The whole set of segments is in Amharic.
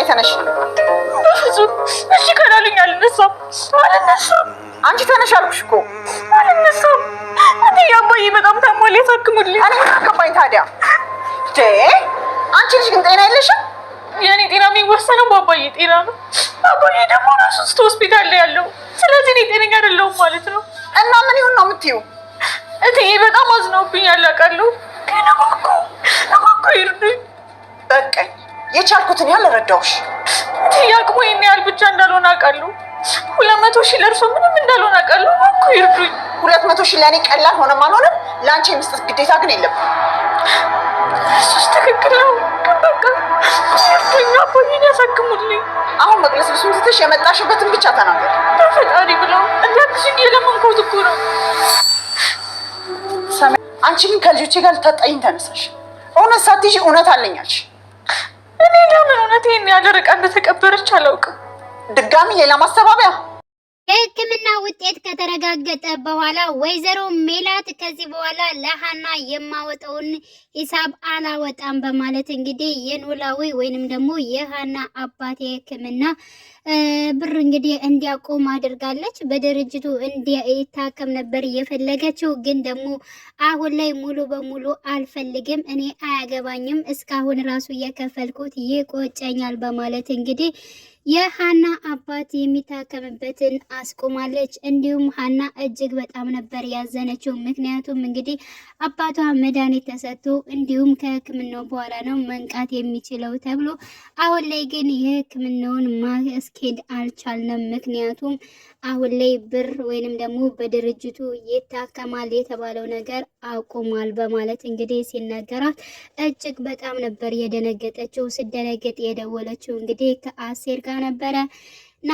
ላይ ተነሽ። በፍጹም እሺ ከላሉኝ አልነሳም አልነሳም። አንቺ ተነሽ አልኩሽ እኮ አልነሳም። እትዬ አባዬ በጣም ታሟል፣ ያሳክሙልኝ። እኔ አከባኝ ታዲያ። አንቺ ልጅ ግን ጤና የለሽም። የእኔ ጤና የሚወሰነው በአባዬ ጤና ነው። አባዬ ደግሞ ራሱ ስቶ ሆስፒታል ላይ ያለው፣ ስለዚህ እኔ ጤነኛ አይደለሁም ማለት ነው። እና ምን ይሁን ነው የምትዩ? እትዬ በጣም አዝነውብኝ ያላቃለሁ። ግን እባክዎ እባክዎ ይርዱኝ፣ በቃኝ የቻልኩትን ያህል ረዳውሽ። ጥያቄው ይሄን ያህል ብቻ እንዳልሆነ አውቃለሁ። ሁለት መቶ ሺህ ለእርሶ ምንም እንዳልሆነ አውቃለሁ። እኮ ይርዱኝ። ሁለት መቶ ሺህ ለእኔ ቀላል ሆነም አልሆነም ለአንቺ የመስጠት ግዴታ ግን የለም። እሱስ ትክክል ነው። ግን በቃ ይርዱኝ፣ አባዬን ያሳክሙልኝ። አሁን መቅለስ ብሱን ትተሽ የመጣሽበትን ብቻ ተናገር። በፈጣሪ ብለው እንዳግዙኝ የለመንኩት እኮ ነው። አንቺ ግን ከልጆቼ ጋር ልታጣይኝ ተነሳሽ። እውነት ሳትይዥ እውነት አለኛልሽ እኔ ለምን እውነት ይህን ያደረቀ እንደተቀበረች አላውቅም። ድጋሚ ሌላ ማሰባቢያ ሕክምና ውጤት ከተረጋገጠ በኋላ ወይዘሮ ሜላት ከዚህ በኋላ ለሀና የማወጣውን ሂሳብ አላወጣም በማለት እንግዲህ የኖላዊ ወይንም ደግሞ የሀና አባት የሕክምና ብር እንግዲህ እንዲያቆም አድርጋለች። በድርጅቱ እንዲታከም ነበር የፈለገችው፣ ግን ደግሞ አሁን ላይ ሙሉ በሙሉ አልፈልግም፣ እኔ አያገባኝም፣ እስካሁን ራሱ የከፈልኩት ይቆጨኛል በማለት እንግዲህ የሀና አባት የሚታከምበትን አስቆማለች። እንዲሁም ሀና እጅግ በጣም ነበር ያዘነችው። ምክንያቱም እንግዲህ አባቷ መድኃኒት ተሰጥቶ እንዲሁም ከሕክምናው በኋላ ነው መንቃት የሚችለው ተብሎ፣ አሁን ላይ ግን የሕክምናውን ማስኬድ አልቻልንም። ምክንያቱም አሁን ላይ ብር ወይንም ደግሞ በድርጅቱ ይታከማል የተባለው ነገር አቁሟል በማለት እንግዲህ ሲነገራት እጅግ በጣም ነበር የደነገጠችው። ስደነገጥ የደወለችው እንግዲህ ከአሴር ጋር ነበረ እና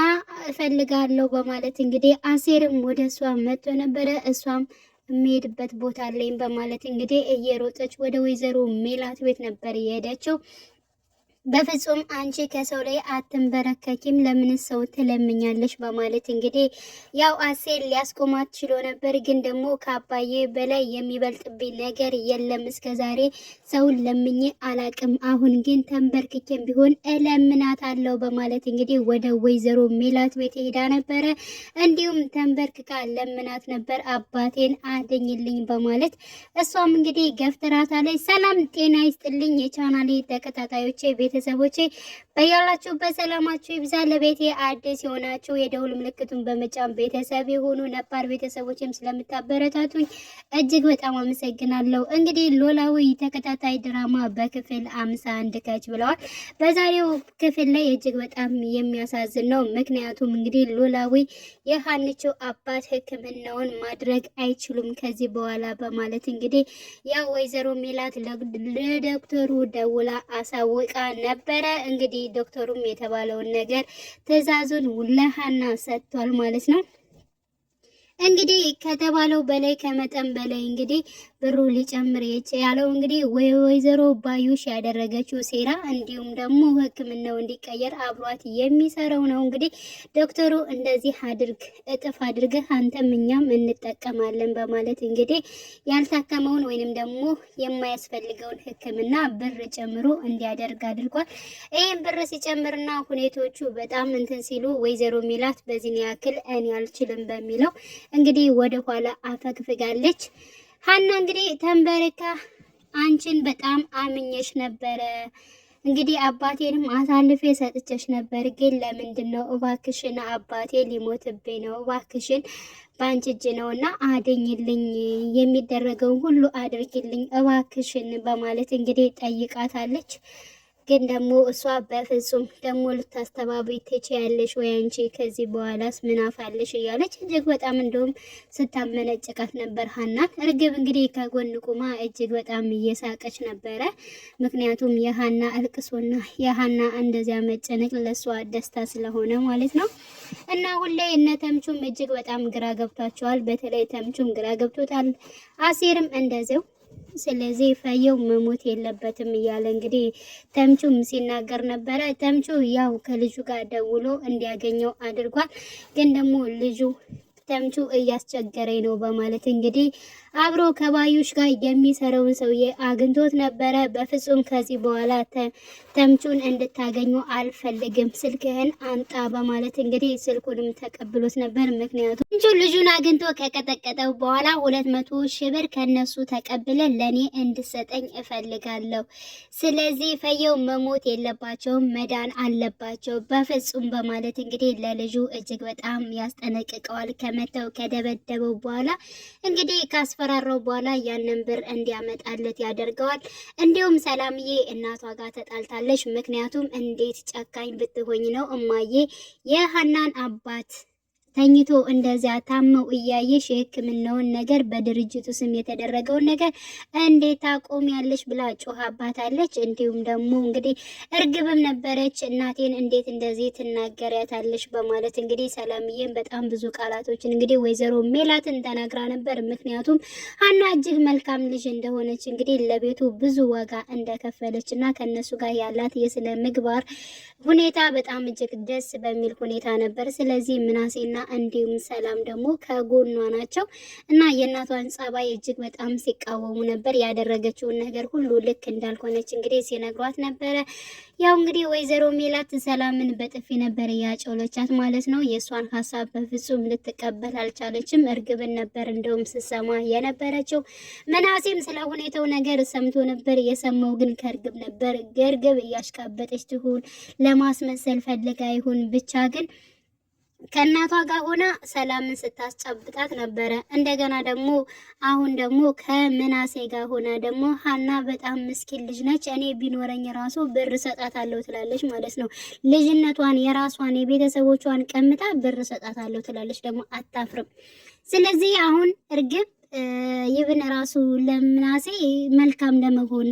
እፈልጋለሁ በማለት እንግዲህ አሴርም ወደ እሷ መጥቶ ነበረ እሷም የሚሄድበት ቦታ አለኝ በማለት እንግዲህ እየሮጠች ወደ ወይዘሮ ሜላት ቤት ነበር የሄደችው። በፍጹም አንቺ ከሰው ላይ አትንበረከኪም፣ ለምን ሰው ትለምኛለሽ? በማለት እንግዲህ ያው አሴር ሊያስቆማት ችሎ ነበር፣ ግን ደግሞ ከአባዬ በላይ የሚበልጥብኝ ነገር የለም። እስከ ዛሬ ሰውን ለምኜ አላቅም፣ አሁን ግን ተንበርክኬም ቢሆን እለምናታለሁ በማለት እንግዲህ ወደ ወይዘሮ ሜላት ቤት ሄዳ ነበረ። እንዲሁም ተንበርክካ ለምናት ነበር፣ አባቴን አድኝልኝ በማለት እሷም እንግዲህ ገፍትራታ ላይ ሰላም ጤና ይስጥልኝ የቻናሌ ተከታታዮቼ ቤት ቤተሰቦቼ በያላችሁ በሰላማችሁ ይብዛ። ለቤቴ አዲስ የሆናችሁ የደውል ምልክቱን በመጫን ቤተሰብ የሆኑ ነባር ቤተሰቦችም ስለምታበረታቱኝ እጅግ በጣም አመሰግናለሁ። እንግዲህ ኖላዊ ተከታታይ ድራማ በክፍል አምሳ አንድ ከች ብለዋል። በዛሬው ክፍል ላይ እጅግ በጣም የሚያሳዝን ነው። ምክንያቱም እንግዲህ ኖላዊ የሀንችው አባት ሕክምናውን ማድረግ አይችሉም ከዚህ በኋላ በማለት እንግዲህ ያ ወይዘሮ ሜላት ለዶክተሩ ደውላ አሳውቃ ነበረ። እንግዲህ ዶክተሩም የተባለውን ነገር ትዕዛዙን ለሀና ሰጥቷል ማለት ነው። እንግዲህ ከተባለው በላይ ከመጠን በላይ እንግዲህ ብሩ ሊጨምር ያለው እንግዲህ ወይዘሮ ባዩሽ ያደረገችው ሴራ እንዲሁም ደግሞ ሕክምናው እንዲቀየር አብሯት የሚሰራው ነው። እንግዲህ ዶክተሩ እንደዚህ አድርግ እጥፍ አድርገ አንተም እኛም እንጠቀማለን በማለት እንግዲህ ያልታከመውን ወይንም ደግሞ የማያስፈልገውን ሕክምና ብር ጨምሮ እንዲያደርግ አድርጓል። ይህም ብር ሲጨምርና ሁኔቶቹ በጣም እንትን ሲሉ ወይዘሮ ሚላት በዚህን ያክል እኔ አልችልም በሚለው እንግዲህ ወደኋላ አፈግፍጋለች። ሀና እንግዲህ ተንበርካ አንቺን በጣም አምኜሽ ነበረ እንግዲህ አባቴንም አሳልፌ ሰጥቼሽ ነበር። ግን ለምንድን ነው እባክሽን፣ አባቴ ሊሞትብኝ ነው፣ እባክሽን በአንቺ እጅ ነው እና አድኝልኝ፣ የሚደረገውን ሁሉ አድርጊልኝ እባክሽን በማለት እንግዲህ ጠይቃታለች። ግን ደግሞ እሷ በፍጹም ደግሞ ልታስተባብይ ትችያለሽ ወይ አንቺ ከዚህ በኋላስ ምናፋለሽ እያለች እጅግ በጣም እንደውም ስታመነጭቃት ነበር ሀናት። እርግብ እንግዲህ ከጎን ቁማ እጅግ በጣም እየሳቀች ነበረ። ምክንያቱም የሀና እልቅሶና የሀና እንደዚያ መጨነቅ ለእሷ ደስታ ስለሆነ ማለት ነው። እና ላይ እነ ተምቹም እጅግ በጣም ግራ ገብቷቸዋል። በተለይ ተምቹም ግራ ገብቶታል። አሴርም እንደዚው ስለዚህ ፈየው መሞት የለበትም እያለ እንግዲህ ተምቹም ሲናገር ነበረ። ተምቹ ያው ከልጁ ጋር ደውሎ እንዲያገኘው አድርጓል። ግን ደግሞ ልጁ ተምቹ እያስቸገረኝ ነው በማለት እንግዲህ አብሮ ከባዮች ጋር የሚሰራውን ሰውዬ አግኝቶት ነበረ። በፍጹም ከዚህ በኋላ ተምቹን እንድታገኙ አልፈልግም፣ ስልክህን አምጣ በማለት እንግዲህ ስልኩንም ተቀብሎት ነበር። ምክንያቱም ተምቹ ልጁን አግኝቶ ከቀጠቀጠው በኋላ ሁለት መቶ ሺህ ብር ከነሱ ተቀብለ ለእኔ እንድሰጠኝ እፈልጋለሁ። ስለዚህ ፈየው መሞት የለባቸውም መዳን አለባቸው በፍጹም በማለት እንግዲህ ለልጁ እጅግ በጣም ያስጠነቅቀዋል። ከመተው ከደበደበው በኋላ እንግዲህ ካስፈ ካስፈራራው በኋላ ያንን ብር እንዲያመጣለት ያደርገዋል። እንዲሁም ሰላምዬ እናቷ ጋር ተጣልታለች። ምክንያቱም እንዴት ጨካኝ ብትሆኝ ነው እማዬ የሀናን አባት ተኝቶ እንደዚያ ታመው እያየሽ የሕክምናውን ነገር በድርጅቱ ስም የተደረገውን ነገር እንዴት ታቆሚያለሽ ብላ ጮኻባታለች። እንዲሁም ደግሞ እንግዲህ እርግብም ነበረች እናቴን እንዴት እንደዚህ ትናገሪያታለሽ በማለት እንግዲህ ሰላምዬን በጣም ብዙ ቃላቶችን እንግዲህ ወይዘሮ ሜላትን ተናግራ ነበር። ምክንያቱም ሀና እጅግ መልካም ልጅ እንደሆነች እንግዲህ ለቤቱ ብዙ ዋጋ እንደከፈለች እና ከነሱ ጋር ያላት የስነ ምግባር ሁኔታ በጣም እጅግ ደስ በሚል ሁኔታ ነበር። ስለዚህ ምናሴና እንዲሁም ሰላም ደግሞ ከጎኗ ናቸው እና የእናቷን ጸባይ እጅግ በጣም ሲቃወሙ ነበር። ያደረገችውን ነገር ሁሉ ልክ እንዳልሆነች እንግዲህ ሲነግሯት ነበረ። ያው እንግዲህ ወይዘሮ ሜላት ሰላምን በጥፊ ነበር እያጨውለቻት ማለት ነው። የእሷን ሀሳብ በፍጹም ልትቀበል አልቻለችም። እርግብን ነበር እንደውም ስሰማ የነበረችው። መናሴም ስለ ሁኔታው ነገር ሰምቶ ነበር። የሰማው ግን ከእርግብ ነበር። እርግብ እያሽቃበጠች ትሁን ለማስመሰል ፈልጋ ይሁን ብቻ ግን ከእናቷ ጋር ሆና ሰላምን ስታስጨብጣት ነበረ። እንደገና ደግሞ አሁን ደግሞ ከምናሴ ጋር ሆና ደግሞ ሀና በጣም ምስኪን ልጅ ነች፣ እኔ ቢኖረኝ ራሱ ብር ሰጣታለሁ ትላለች ማለት ነው። ልጅነቷን የራሷን የቤተሰቦቿን ቀምታ ብር ሰጣታለሁ ትላለች፣ ደግሞ አታፍርም። ስለዚህ አሁን እርግብ ይብን ራሱ ለምናሴ መልካም ለመሆን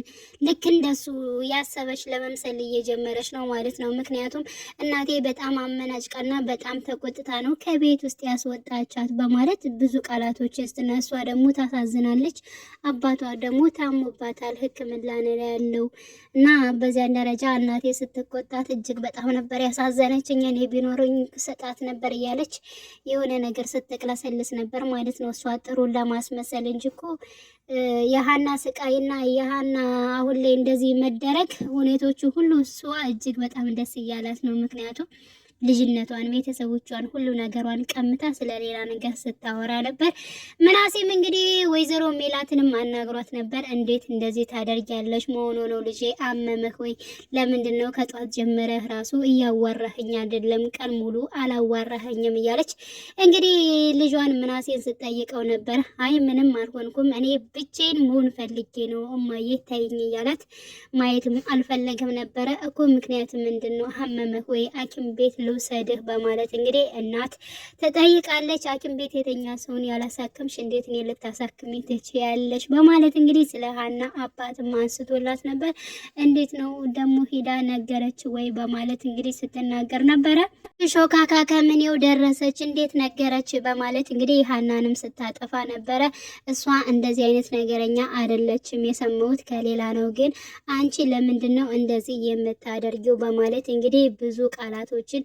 ልክ እንደሱ ያሰበች ለመምሰል እየጀመረች ነው ማለት ነው። ምክንያቱም እናቴ በጣም አመናጭቃና በጣም ተቆጥታ ነው ከቤት ውስጥ ያስወጣቻት በማለት ብዙ ቃላቶች ስትና እሷ ደግሞ ታሳዝናለች። አባቷ ደግሞ ታሞባታል፣ ሕክምና ነው ያለው እና በዚያን ደረጃ እናቴ ስትቆጣት እጅግ በጣም ነበር ያሳዘነችኝ። እኔ ቢኖረኝ ሰጣት ነበር እያለች የሆነ ነገር ስትቅለሰልስ ነበር ማለት ነው እሷ ጥሩን ለማ ማስመሰል እንጂ እኮ የሀና ስቃይና የሀና አሁን ላይ እንደዚህ መደረግ ሁኔቶቹ ሁሉ እሷ እጅግ በጣም ደስ እያላት ነው ምክንያቱም ልጅነቷን፣ ቤተሰቦቿን፣ ሁሉ ነገሯን ቀምታ ስለሌላ ነገር ስታወራ ነበር። ምናሴም እንግዲህ ወይዘሮ ሜላትንም አናግሯት ነበር። እንዴት እንደዚህ ታደርጊያለሽ? መሆኑ ነው ልጄ አመመህ ወይ? ለምንድን ነው ከጧት ጀምረህ ራሱ እያዋራህኝ አይደለም? ቀን ሙሉ አላዋራህኝም እያለች እንግዲህ ልጇን ምናሴን ስጠይቀው ነበር። አይ ምንም አልሆንኩም እኔ ብቼን መሆን ፈልጌ ነው እማዬ ታይኝ እያላት ማየትም አልፈለገም ነበረ እኮ ምክንያት ምንድን ነው አመመህ ወይ አኪም ቤት ልውሰድህ በማለት እንግዲህ እናት ተጠይቃለች። ሐኪም ቤት የተኛ ሰውን ያላሳክምሽ እንዴት እኔ ልታሳክሚ ትችያለሽ? በማለት እንግዲህ ስለ ሀና አባትም አንስቶላት ነበር። እንዴት ነው ደግሞ ሂዳ ነገረች ወይ በማለት እንግዲህ ስትናገር ነበረ። ሾካካ ከምኔው ደረሰች እንዴት ነገረች በማለት እንግዲህ ሀናንም ስታጠፋ ነበረ። እሷ እንደዚህ አይነት ነገረኛ አይደለችም፣ የሰማሁት ከሌላ ነው። ግን አንቺ ለምንድን ነው እንደዚህ የምታደርጊው? በማለት እንግዲህ ብዙ ቃላቶችን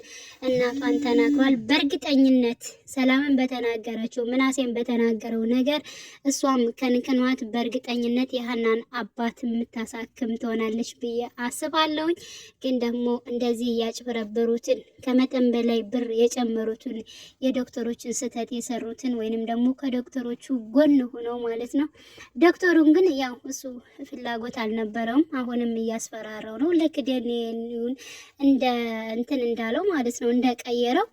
እናቷን ተናግሯል። በእርግጠኝነት ሰላምን በተናገረችው ምናሴን በተናገረው ነገር እሷም ከንቅኗት በእርግጠኝነት የሀናን አባት የምታሳክም ትሆናለች ብዬ አስባለሁኝ። ግን ደግሞ እንደዚህ እያጭበረበሩትን ከመጠን በላይ ብር የጨመሩትን የዶክተሮችን ስህተት የሰሩትን ወይንም ደግሞ ከዶክተሮቹ ጎን ሆነው ማለት ነው። ዶክተሩን ግን ያው እሱ ፍላጎት አልነበረውም። አሁንም እያስፈራረው ነው ልክ ደኔን እንደ እንትን እንዳለው ማለት ማለት ነው እንደቀየረው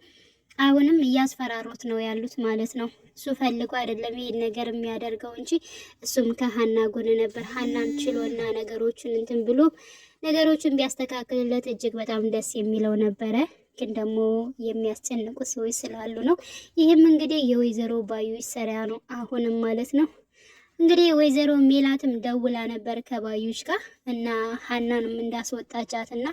አሁንም እያስፈራሩት ነው ያሉት ማለት ነው። እሱ ፈልጎ አይደለም ይሄን ነገር የሚያደርገው እንጂ እሱም ከሀና ጎን ነበር። ሀናም ችሎና ነገሮችን እንትን ብሎ ነገሮችን ቢያስተካክልለት እጅግ በጣም ደስ የሚለው ነበረ። ግን ደግሞ የሚያስጨንቁ ሰዎች ስላሉ ነው። ይህም እንግዲህ የወይዘሮ ባዩ ይሰራ ነው አሁንም ማለት ነው። እንግዲህ ወይዘሮ ሜላትም ደውላ ነበር ከባዩሽ ጋር እና ሀናንም እንዳስወጣቻት እና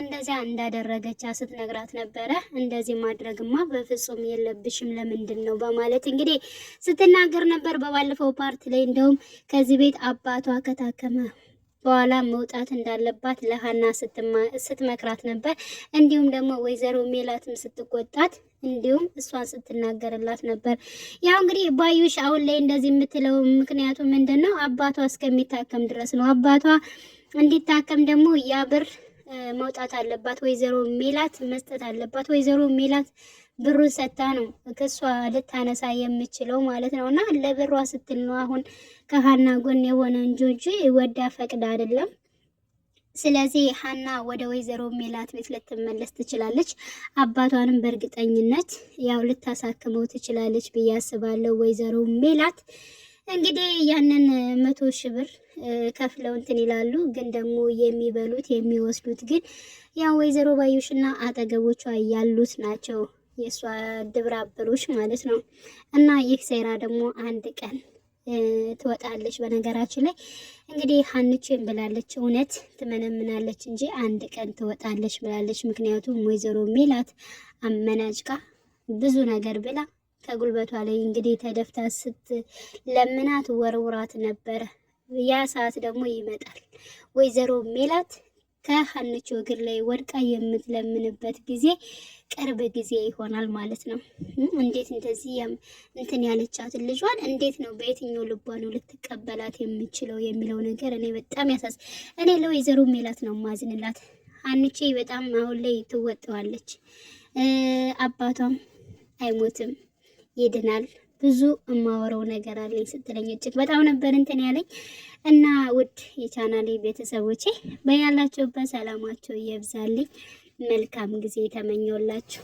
እንደዚያ እንዳደረገቻት ስትነግራት ነበረ። እንደዚህ ማድረግማ በፍጹም የለብሽም ለምንድን ነው በማለት እንግዲህ ስትናገር ነበር በባለፈው ፓርት ላይ እንደውም ከዚህ ቤት አባቷ ከታከመ በኋላ መውጣት እንዳለባት ለሀና ስትመክራት ነበር። እንዲሁም ደግሞ ወይዘሮ ሜላትም ስትቆጣት እንዲሁም እሷን ስትናገርላት ነበር። ያው እንግዲህ ባዩሽ አሁን ላይ እንደዚህ የምትለው ምክንያቱ ምንድን ነው? አባቷ እስከሚታከም ድረስ ነው። አባቷ እንዲታከም ደግሞ ያ ብር መውጣት አለባት። ወይዘሮ ሜላት መስጠት አለባት። ወይዘሮ ሜላት ብሩን ሰታ ነው ከሷ ልታነሳ የምችለው ማለት ነው። እና ለብሯ ስትል ነው አሁን ከሀና ጎን የሆነ እንጆጆ ወዳ ፈቅዳ አይደለም። ስለዚህ ሀና ወደ ወይዘሮ ሜላት ቤት ልትመለስ ትችላለች። አባቷንም በእርግጠኝነት ያው ልታሳክመው ትችላለች ብዬ አስባለሁ። ወይዘሮ ሜላት እንግዲህ ያንን መቶ ሺህ ብር ከፍለው እንትን ይላሉ። ግን ደግሞ የሚበሉት የሚወስዱት ግን ያው ወይዘሮ ባዩሽና አጠገቦቿ ያሉት ናቸው። የእሷ ድብር አበሮች ማለት ነው። እና ይህ ሴራ ደግሞ አንድ ቀን ትወጣለች። በነገራችን ላይ እንግዲህ ሀንቼን ብላለች፣ እውነት ትመነምናለች እንጂ አንድ ቀን ትወጣለች ብላለች። ምክንያቱም ወይዘሮ ሜላት አመናጭቃ ብዙ ነገር ብላ ከጉልበቷ ላይ እንግዲህ ተደፍታ ስትለምናት ወርውራት ነበረ። ያ ሰዓት ደግሞ ይመጣል ወይዘሮ ሜላት ከሀንቾ እግር ላይ ወድቃ የምትለምንበት ጊዜ ቅርብ ጊዜ ይሆናል ማለት ነው። እንዴት እንደዚህ እንትን ያለቻትን ልጇን እንዴት ነው በየትኛው ልቧ ነው ልትቀበላት የምችለው የሚለው ነገር እኔ በጣም ያሳስ እኔ ለወይዘሮ ሜላት ነው ማዝንላት። ሀንቼ በጣም አሁን ላይ ትወጠዋለች። አባቷም አይሞትም ይድናል። ብዙ እማወረው ነገር አለኝ ስትለኝ እጅግ በጣም ነበር እንትን ያለኝ እና ውድ የቻናሌ ቤተሰቦቼ በያላችሁበት ሰላማቸው ይብዛልኝ። መልካም ጊዜ ተመኘውላችሁ።